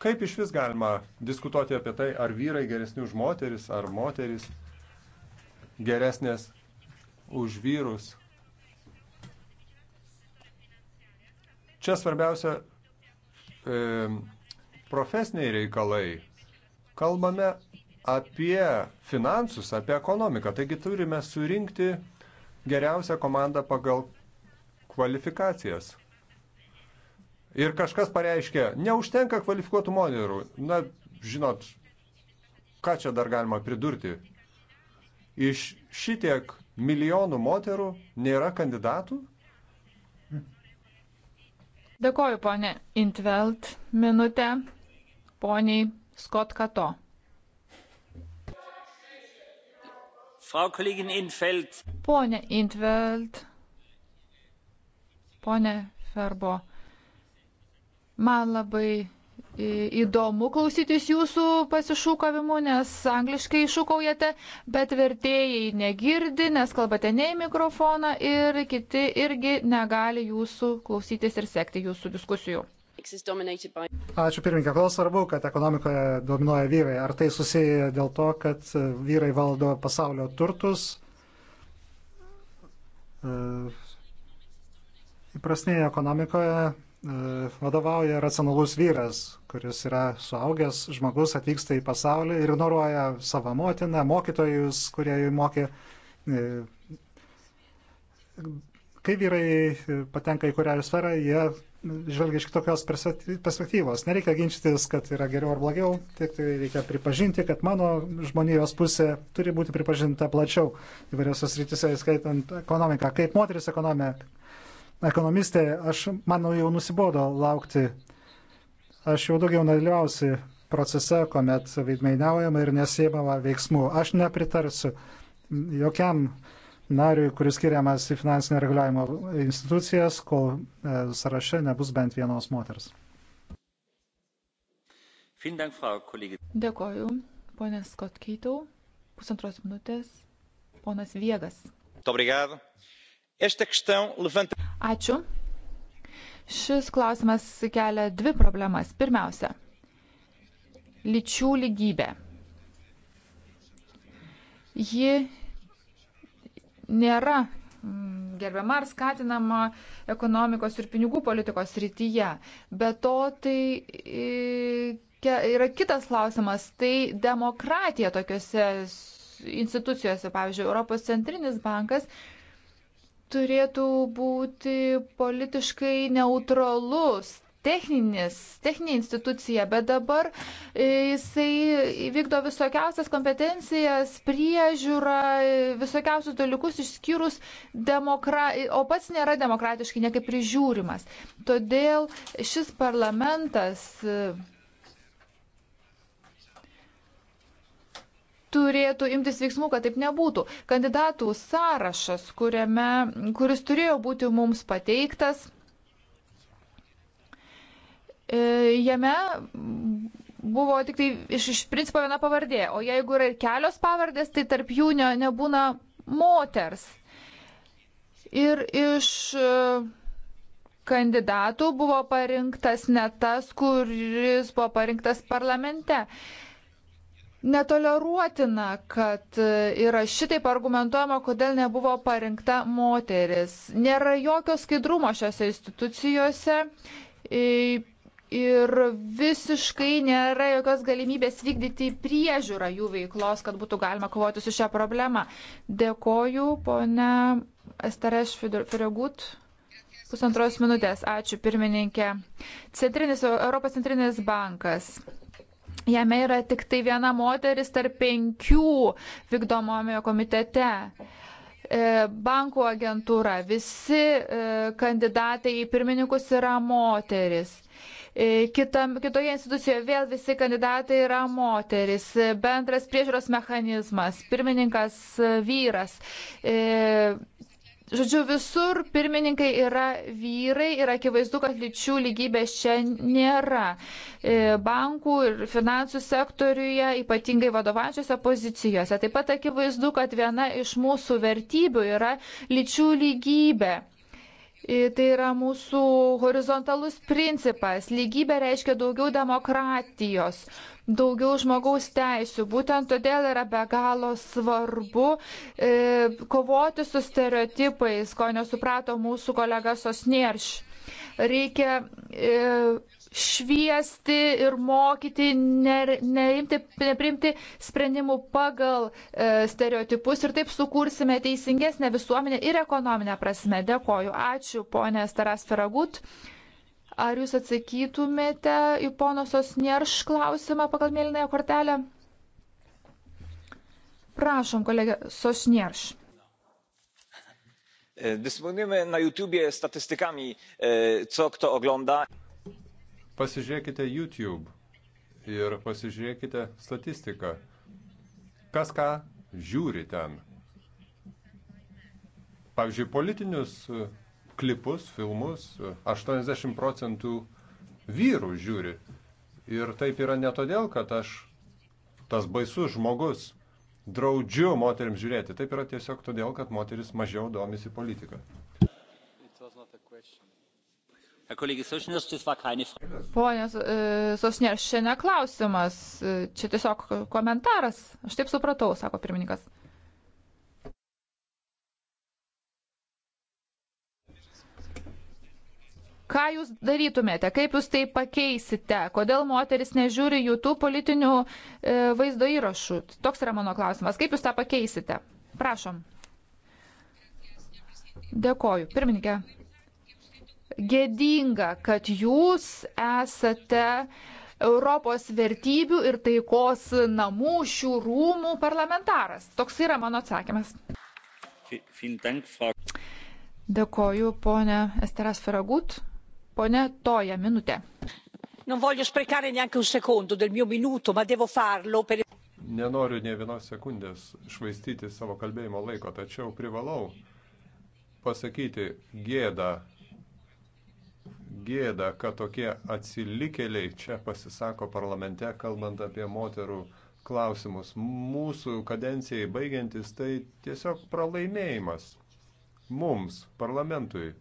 Kaip iš vis galima diskutuoti apie tai, ar vyrai geresni už moteris, ar moteris geresnės už vyrus? Čia svarbiausia e, profesiniai reikalai. Kalbame apie finansus, apie ekonomiką. Taigi turime surinkti geriausią komandą pagal kvalifikacijas. Ir kažkas pareiškia, neužtenka kvalifikuotų moterų. Na, žinot, ką čia dar galima pridurti? Iš šitiek milijonų moterų nėra kandidatų? Dėkoju, ponė Intvelt. Minutę poniai Scott Kato. Infeld. Pone Intveld, pone Ferbo, man labai įdomu klausytis jūsų pasišūkavimų, nes angliškai šūkaujate, bet vertėjai negirdi, nes kalbate ne į mikrofoną ir kiti irgi negali jūsų klausytis ir sekti jūsų diskusijų. Ačiū pirmininkė, kodėl svarbu, kad ekonomikoje dominuoja vyrai? Ar tai susiję dėl to, kad vyrai valdo pasaulio turtus? E, įprasnėje ekonomikoje E, vadovauja racionalus vyras, kuris yra suaugęs žmogus, atvyksta į pasaulį ir ignoruoja savo motiną, mokytojus, kurie jį mokė. E, kai vyrai patenka į kurią sferą, jie žvelgia iš kitokios perspektyvos. Nereikia ginčytis, kad yra geriau ar blogiau, tik tai reikia pripažinti, kad mano žmonijos pusė turi būti pripažinta plačiau įvairiose srityse, įskaitant ekonomiką. Kaip moteris ekonomė, ekonomistė, aš, manau, jau nusibodo laukti. Aš jau daugiau dalyvausi procese, kuomet veidmainiaujama ir nesiemama veiksmų. Aš nepritarsiu jokiam nariui, kuris skiriamas į finansinio reguliavimo institucijas, kol e, sąraše nebus bent vienos moters. Dėkoju, ponė Skotkeitau. Pusantros minutės, ponas Viegas. Obrigado. Esta questão levanta. Ačiū. Šis klausimas kelia dvi problemas. Pirmiausia, lyčių lygybė. Ji nėra mm, gerbiama ar skatinama ekonomikos ir pinigų politikos rytyje. Be to, tai yra kitas klausimas, tai demokratija tokiuose institucijose, pavyzdžiui, Europos centrinis bankas turėtų būti politiškai neutralus techninis, techninė institucija, bet dabar e, jisai vykdo visokiausias kompetencijas, priežiūrą, visokiausius dalykus išskyrus demokra... o pats nėra demokratiškai niekaip prižiūrimas. Todėl šis parlamentas turėtų imtis veiksmų, kad taip nebūtų. Kandidatų sąrašas, kuriame, kuris turėjo būti mums pateiktas, e, jame buvo tik tai iš, iš principo viena pavardė, o jeigu yra ir kelios pavardės, tai tarp jų ne, nebūna moters. Ir iš e, kandidatų buvo parinktas ne tas, kuris buvo parinktas parlamente. Netoleruotina, kad e, yra šitaip argumentuojama, kodėl nebuvo parinkta moteris. Nėra jokio skaidrumo šiose institucijose e, ir visiškai nėra jokios galimybės vykdyti priežiūrą jų veiklos, kad būtų galima kovoti su šią problemą. Dėkoju, ponia Estareš Firegut. Pusantros minutės. Ačiū, pirmininkė. Centrinis, Europos centrinis bankas Jame yra tik tai viena moteris tarp penkių vykdomojo komitete e, bankų agentūra, visi e, kandidatai į pirmininkus yra moteris. E, Kitam, kitoje institucijoje vėl visi kandidatai yra moteris, bendras priežiūros mechanizmas, pirmininkas vyras, Žodžiu, visur pirmininkai yra vyrai ir akivaizdu, kad lyčių lygybės čia nėra. E, bankų ir finansų sektoriuje, ypatingai vadovaujančiose pozicijose. Taip pat akivaizdu, kad viena iš mūsų vertybių yra lyčių lygybė. E, tai yra mūsų horizontalus principas. Lygybė reiškia daugiau demokratijos daugiau žmogaus teisų. Būtent todėl yra be galo svarbu e, kovoti su stereotipais, ko nesuprato mūsų kolega Sosnierš. Reikia e, šviesti ir mokyti, nerimti, neprimti sprendimų pagal e, stereotipus ir taip sukursime teisingesnę visuomenę ir ekonominę prasme. Dėkoju. Ačiū, ponė Staras Feragut. Ar jūs atsakytumėte į ponosios nerš klausimą pagal mėlynąją kortelę? Prašom, kolegė Sosnierš. Dysponujemy na YouTubie statystykami, e, co kto ogląda. Pasižiūrėkite YouTube ir pasižiūrėkite statistiką. Kas ką žiūri ten. Pavyzdžiui, politinius klipus, filmus 80 procentų vyrų žiūri. Ir taip yra ne todėl, kad aš tas baisus žmogus draudžiu moteriams žiūrėti. Taip yra tiesiog todėl, kad moteris mažiau domisi politiką. Pone Sosnės, čia neklausimas, e, čia tiesiog komentaras. Aš taip supratau, sako pirmininkas. Ką jūs darytumėte, kaip jūs tai pakeisite, kodėl moteris nežiūri jų tų politinių e, vaizdo įrašų? Toks yra mano klausimas. Kaip jūs tą pakeisite? Prašom. Dėkoju. Pirmininkė. Gėdinga, kad jūs esate Europos vertybių ir taikos namų šių rūmų parlamentaras. Toks yra mano atsakymas. Dėkoju, ponė Esteras Feragut. Pone Toja, minutė. Nenoriu ne vienos sekundės švaistyti savo kalbėjimo laiko, tačiau privalau pasakyti gėdą, gėdą, kad tokie atsilikėliai čia pasisako parlamente, kalbant apie moterų klausimus. Mūsų kadencijai baigiantis tai tiesiog pralaimėjimas mums, parlamentui.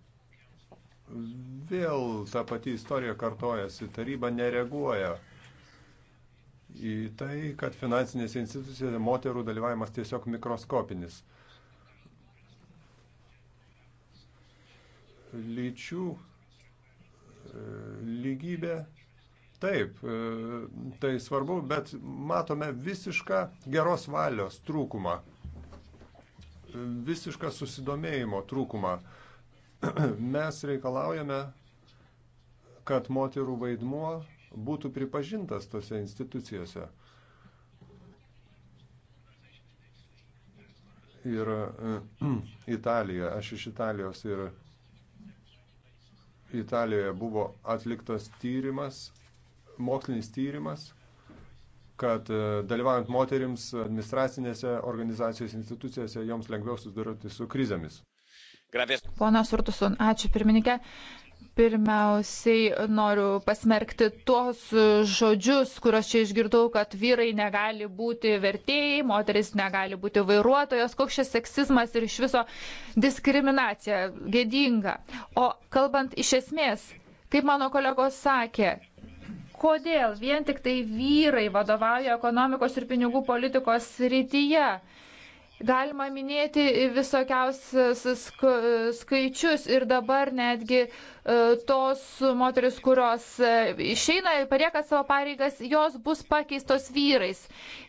Vėl ta pati istorija kartojasi, taryba nereaguoja į tai, kad finansinėse institucijose moterų dalyvavimas tiesiog mikroskopinis. Lyčių e, lygybė Taip, e, tai svarbu, bet matome visišką geros valios trūkumą, visišką susidomėjimo trūkumą. Mes reikalaujame, kad moterų vaidmuo būtų pripažintas tose institucijose. Ir Italija, aš iš Italijos ir Italijoje buvo atliktas tyrimas, mokslinis tyrimas, kad e, dalyvaujant moterims administracinėse organizacijos institucijose joms lengviau susidoroti su krizėmis. Ponas Urtusun, ačiū pirmininkė. Pirmiausiai noriu pasmerkti tuos žodžius, kuriuos čia išgirdau, kad vyrai negali būti vertėjai, moteris negali būti vairuotojos, koks čia seksizmas ir iš viso diskriminacija gėdinga. O kalbant iš esmės, kaip mano kolegos sakė, kodėl vien tik tai vyrai vadovauja ekonomikos ir pinigų politikos srityje? Galima minėti visokiausius skaičius ir dabar netgi e, tos moteris, kurios e, išeina ir palieka savo pareigas, jos bus pakeistos vyrais.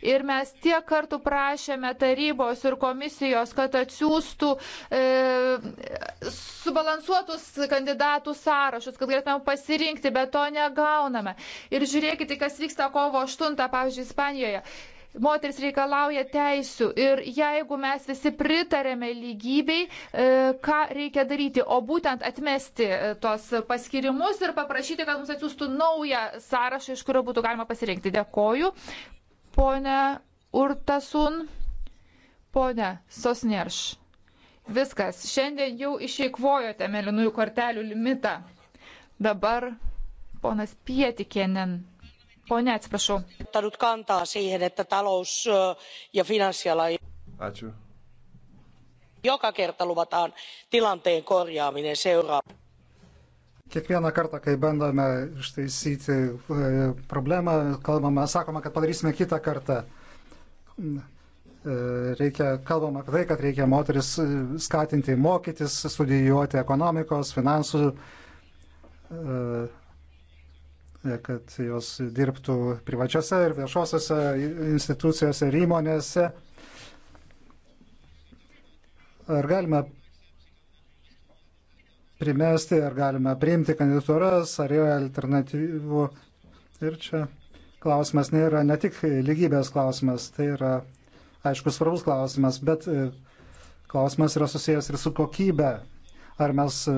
Ir mes tiek kartų prašėme tarybos ir komisijos, kad atsiųstų e, subalansuotus kandidatų sąrašus, kad galėtume pasirinkti, bet to negauname. Ir žiūrėkite, kas vyksta kovo 8, pavyzdžiui, Ispanijoje moteris reikalauja teisių ir jeigu mes visi pritarėme lygybei, e, ką reikia daryti, o būtent atmesti e, tos paskirimus ir paprašyti, kad mums atsiųstų naują sąrašą, iš kurio būtų galima pasirinkti. Dėkoju. Pone Urtasun, pone Sosnerš. Viskas, šiandien jau išeikvojote melinųjų kortelių limitą. Dabar ponas Pietikėnen. Pone, atsiprašau. Tarut kantaa siihen, että talous ja finanssiala... Ačiū. Joka kerta luvataan tilanteen korjaaminen seuraavaksi. Kiekvieną kartą, kai bandome ištaisyti e, problemą, kalbame, sakoma, kad padarysime kitą kartą. E, reikia, kalbama apie tai, kad reikia moteris e, skatinti mokytis, studijuoti ekonomikos, finansų kad jos dirbtų privačiose ir viešosiose institucijose ir įmonėse. Ar galime primesti, ar galime priimti kandidatūras, ar yra alternatyvų. Ir čia klausimas nėra ne tik lygybės klausimas, tai yra, aišku, svarbus klausimas, bet e, klausimas yra susijęs ir su kokybe. Ar mes e,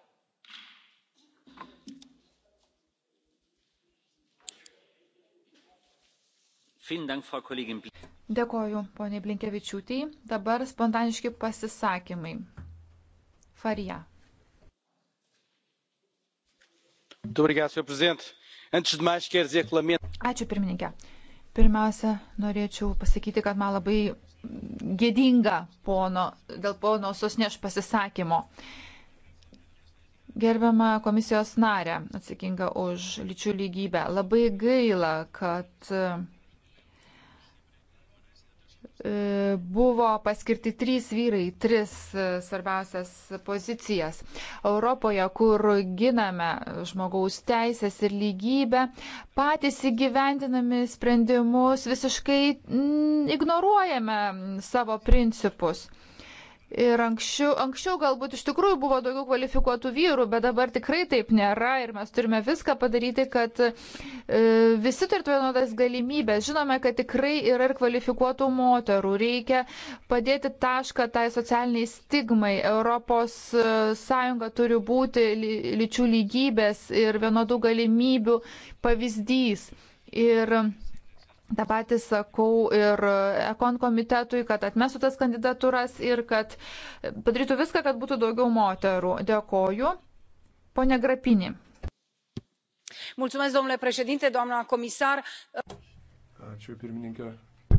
Dėkoju, ponė Blinkevičiūtė. Dabar spontaniški pasisakymai. Farija. Ačiū pirmininkė. Pirmiausia, norėčiau pasakyti, kad man labai gėdinga pono, dėl pono Sosneš pasisakymo. Gerbiama komisijos narė atsakinga už lyčių lygybę. Labai gaila, kad E, buvo paskirti trys vyrai, tris e, svarbiausias pozicijas. Europoje, kur giname žmogaus teisės ir lygybę, patys įgyvendinami sprendimus visiškai ignoruojame savo principus. Ir anksčiau, anksčiau galbūt iš tikrųjų buvo daugiau kvalifikuotų vyrų, bet dabar tikrai taip nėra ir mes turime viską padaryti, kad e, visi turėtų vienodas galimybės. Žinome, kad tikrai yra ir kvalifikuotų moterų. Reikia padėti tašką tai socialiniai stigmai. Europos e, Sąjunga turi būti lyčių lygybės ir vienodų galimybių pavyzdys. Ir Ta pati sakau ir Ekon komitetui, kad atmestų tas kandidatūras ir kad padarytų viską, kad būtų daugiau moterų. Dėkoju. Pone Grapinį. Mulțumesc, domnule președinte, doamna comisar. Ačiū pirmininkė,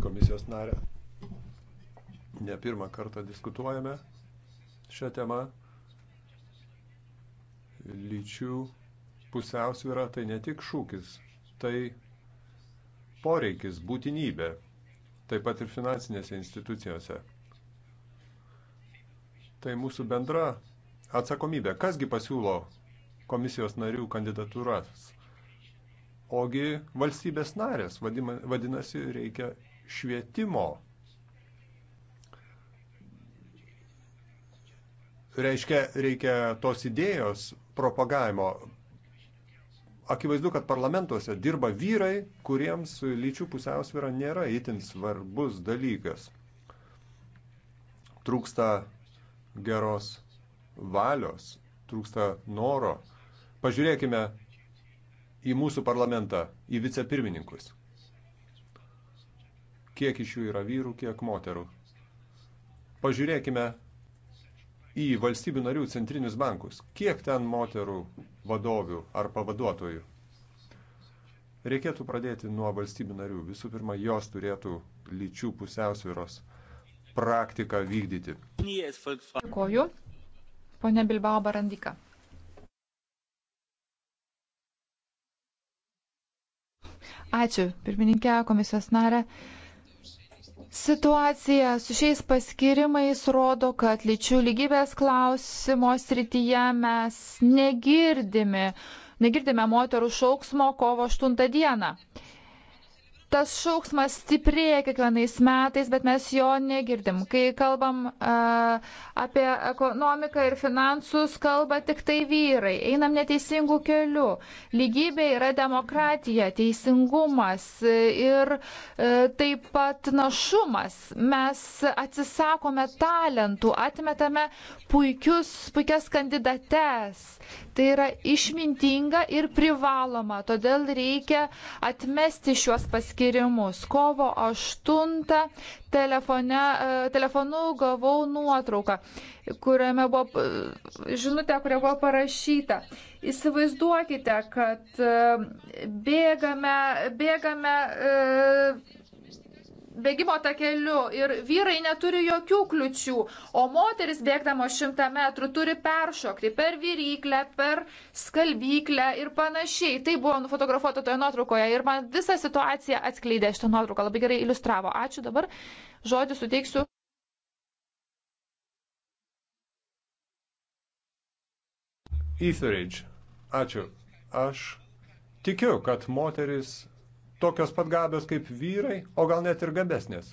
komisijos narė. Ne pirmą kartą diskutuojame šią temą. Lyčių pusiausvyrą tai ne tik šūkis, tai poreikis, būtinybė, taip pat ir finansinėse institucijose. Tai mūsų bendra atsakomybė. Kasgi pasiūlo komisijos narių kandidatūras? Ogi valstybės narės, vadinasi, reikia švietimo reiškia, reikia tos idėjos propagavimo. Akivaizdu, kad parlamentuose dirba vyrai, kuriems lyčių pusiausvėra nėra itin svarbus dalykas. Trūksta geros valios, trūksta noro. Pažiūrėkime į mūsų parlamentą, į vicepirmininkus. Kiek iš jų yra vyrų, kiek moterų. Pažiūrėkime į valstybių narių centrinius bankus. Kiek ten moterų vadovių ar pavaduotojų? Reikėtų pradėti nuo valstybių narių. Visų pirma, jos turėtų lyčių pusiausvyros praktiką vykdyti. Dėkoju. Pone Bilbao Barandika. Ačiū, pirmininkė, komisijos narė. Situacija su šiais paskirimais rodo, kad lyčių lygybės klausimo srityje mes negirdime, negirdime moterų šauksmo kovo 8 dieną tas šauksmas stiprėja kiekvienais metais, bet mes jo negirdim. Kai kalbam uh, apie ekonomiką ir finansus, kalba tik tai vyrai. Einam neteisingų kelių. Lygybė yra demokratija, teisingumas ir uh, taip pat našumas. Mes atsisakome talentų, atmetame puikius, puikias kandidates. Tai yra išmintinga ir privaloma. Todėl reikia atmesti šiuos paskirtimus tyrimus. Kovo 8 telefone, e, telefonu gavau nuotrauką, kuriame buvo e, žinutė, kuria buvo parašyta. Įsivaizduokite, kad e, bėgame, bėgame bėgimo takeliu ir vyrai neturi jokių kliučių, o moteris bėgdamo šimtą metrų turi peršokti per viryklę, per skalbyklę ir panašiai. Tai buvo nufotografuota toje nuotraukoje ir man visą situaciją atskleidė šitą nuotrauką, labai gerai iliustravo. Ačiū dabar, žodį suteiksiu. Etheridge. Ačiū. Aš tikiu, kad moteris tokios pat gabios kaip vyrai, o gal net ir gabesnės.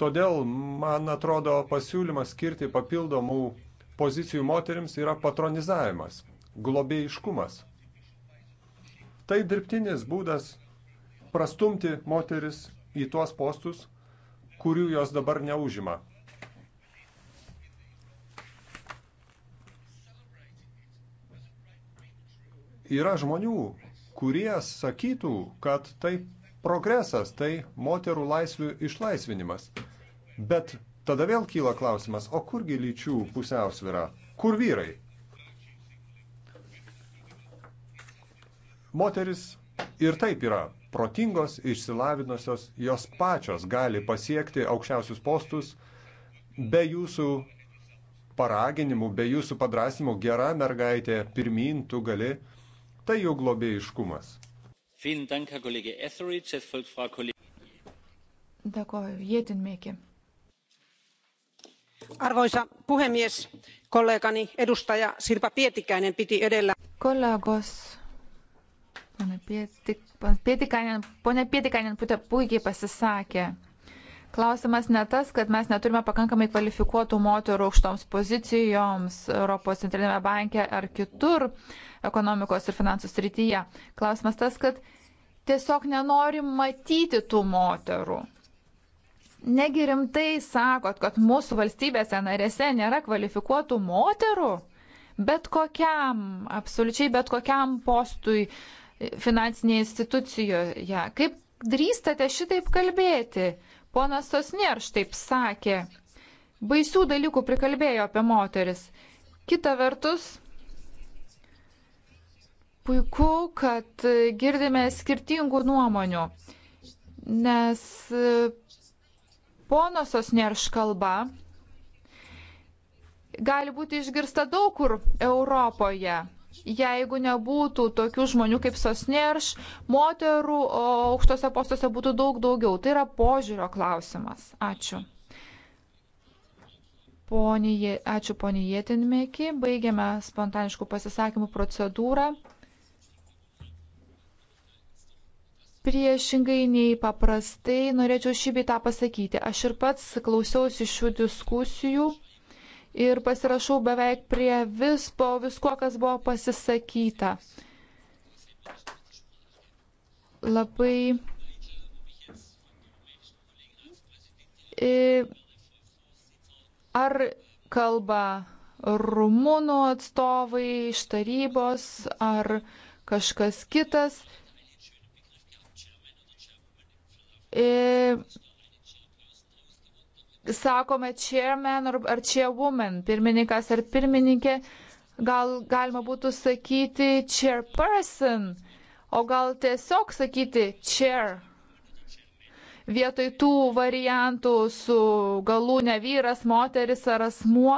Todėl, man atrodo, pasiūlymas skirti papildomų pozicijų moteriams yra patronizavimas, globėjiškumas. Tai dirbtinis būdas prastumti moteris į tuos postus, kurių jos dabar neužima. Yra žmonių, kurie sakytų, kad tai progresas, tai moterų laisvių išlaisvinimas. Bet tada vėl kyla klausimas, o kurgi lyčių pusiausvyra? Kur vyrai? Moteris ir taip yra protingos, išsilavinusios, jos pačios gali pasiekti aukščiausius postus be jūsų paraginimų, be jūsų padrasimų gera mergaitė, pirmin tu gali uh, Tai jau globėjiškumas. Dėkoju, Jėtinmėki. Arvoisa puhemies, kollegani edustaja Sirpa Pietikäinen piti edellä. Kollegos, Pone Pietikainen, pone Pietikainen puikiai pasisakė. Klausimas ne tas, kad mes neturime pakankamai kvalifikuotų moterų aukštoms pozicijoms Europos centrinėme banke ar kitur. Uh, ekonomikos ir finansų srityje. Klausimas tas, kad tiesiog nenori matyti tų moterų. Negi rimtai sakot, kad mūsų valstybėse narėse nėra kvalifikuotų moterų? Bet kokiam, absoliučiai bet kokiam postui finansinėje institucijoje. Kaip drįstate šitaip kalbėti? Ponas Sosnierš taip sakė. Baisių dalykų prikalbėjo apie moteris. Kita vertus, Puiku, kad girdime skirtingų nuomonių, nes ponosas nerš kalba gali būti išgirsta daug kur Europoje. Jeigu nebūtų tokių žmonių kaip Sosnerš, moterų aukštose postuose būtų daug daugiau. Tai yra požiūrio klausimas. Ačiū. Poni, ačiū poniai Jėtinmėki. Baigiame spontaniškų pasisakymų procedūrą. Priešingai nei paprastai norėčiau šį bei tą pasakyti. Aš ir pats klausiausi šių diskusijų ir pasirašau beveik prie vis po visko, kas buvo pasisakyta. Labai. E, ar kalba rumunų atstovai iš tarybos, ar kažkas kitas, E, sakome chairman ar, ar chairwoman, pirmininkas ar pirmininkė, gal galima būtų sakyti chairperson, o gal tiesiog sakyti chair. Vietoj tų variantų su galūne vyras, moteris ar asmuo,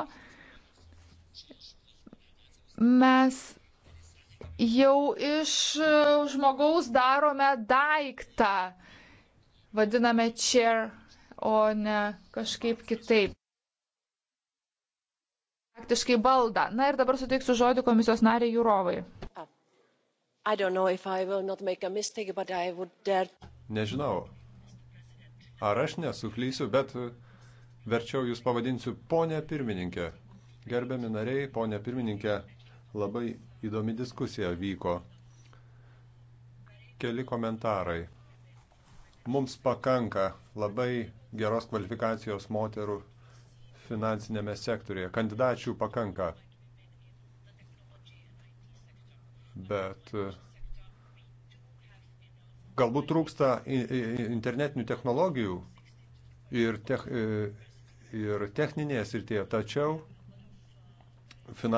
mes jau iš žmogaus darome daiktą vadiname chair, o ne kažkaip kitaip. Praktiškai baldą. Na ir dabar suteiksiu žodį komisijos nariai Jurovai. Nežinau, ar aš nesuklysiu, bet uh, verčiau jūs pavadinsiu ponė pirmininkė. Gerbiami nariai, ponė pirmininkė, labai įdomi diskusija vyko. Keli komentarai. Mums pakanka labai geros kvalifikacijos moterų finansinėme sektorėje. Kandidačių pakanka. Bet e, galbūt trūksta internetinių technologijų ir, tech, e, ir techninės ir tie, tačiau finansų